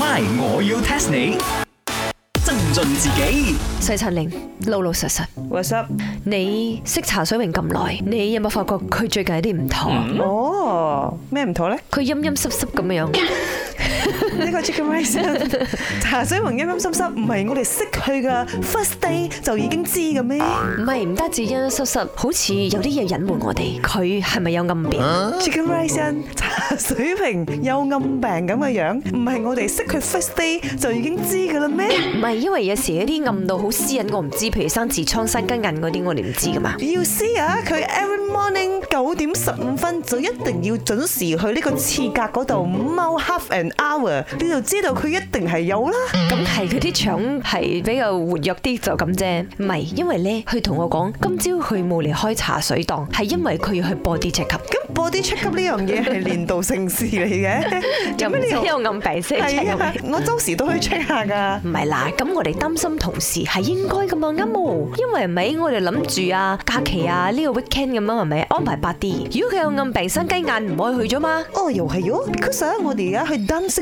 My，我要 test 你，增進自己。細茶玲，老老實實。WhatsApp？你識茶水泳咁耐，你有冇發覺佢最近有啲唔妥、嗯？哦，咩唔妥咧？佢陰陰濕濕咁樣。呢 個 chicken rice，茶水瓶陰陰濕濕，唔係我哋識佢嘅 first day 就已經知嘅咩？唔係唔得，只陰陰濕濕，好似有啲嘢隱瞞我哋。佢係咪有暗病 ？chicken rice，茶水瓶有暗病咁嘅樣，唔係我哋識佢 first day 就已經知嘅啦咩？唔係，因為有時一啲暗到好私隱，我唔知，譬如生痔瘡、生筋硬嗰啲，我哋唔知噶嘛。要 see 啊，佢 every morning 九點十五分就一定要準時去呢個廁格嗰度踎 half and。你就知道佢一定係有啦，咁係佢啲腸係比較活躍啲就咁啫，唔係因為咧佢同我講今朝佢冇嚟開茶水檔，係因為佢要去 body check。咁 body check 呢樣嘢係年度盛事嚟嘅，做 咩又有暗病先，我周時都去 check 下噶，唔係嗱，咁我哋擔心同事係應該噶嘛，因為咪我哋諗住啊假期啊呢、這個 weekend 咁啊咪安排八啲，是是如果佢有暗病生雞眼唔可以去咗嘛，哦又係喲 cause 我哋而家去擔心。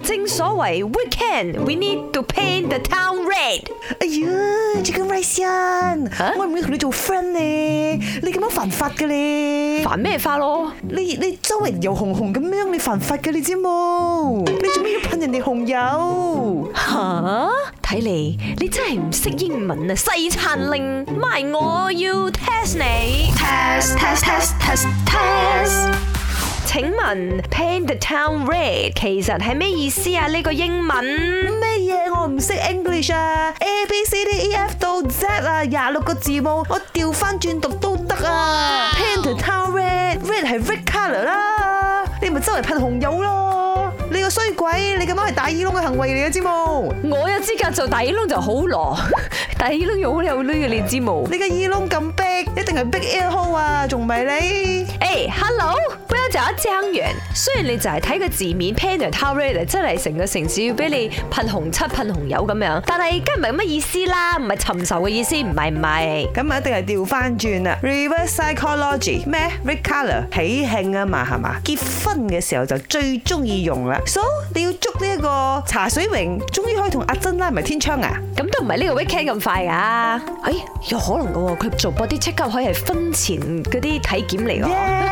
正所謂 We can, we need to paint the town red。哎呀，只咁威先，我唔會同你做 friend 咧，你咁樣犯法嘅咧。犯咩法咯？你你周圍又紅紅咁樣，你犯法嘅你知冇？你做咩要噴人哋紅油？嚇！睇嚟你真係唔識英文啊！細殘令，唔係我要 test 你。Test test test test test。請問 Paint the Town Red 其實係咩意思啊？呢、這個英文咩嘢？我唔識 English 啊！A B C D E F 到 Z 啊，廿六個字母我調翻轉讀都得啊、wow.！Paint the Town Red Red 係 Red color 啦，你咪周圍噴紅油咯！你個衰鬼，你咁樣係大耳窿嘅行為嚟嘅，知冇？我有資格做大耳窿就好咯，大 耳窿又好有呢嘅，你知冇？你嘅耳窿咁 big，一定係 big ear hole 啊，仲唔係你？誒、hey，Hello。就一張揚，雖然你就係睇個字面，Paint the Town Red 嚟，真係成個城市要俾你噴紅漆、噴紅油咁樣，但係梗係唔係咁乜意思啦，唔係尋仇嘅意思，唔係唔係，咁啊一定係調翻轉啦，Reverse Psychology 咩？Red color 喜慶啊嘛係嘛？結婚嘅時候就最中意用啦，So 你要捉呢一個茶水明，終於可以同阿珍拉埋天窗啊？咁都唔係呢個 Weekend 咁快噶？哎，有可能噶喎，佢做 body check-up 可以係婚前嗰啲體檢嚟噶。Yeah.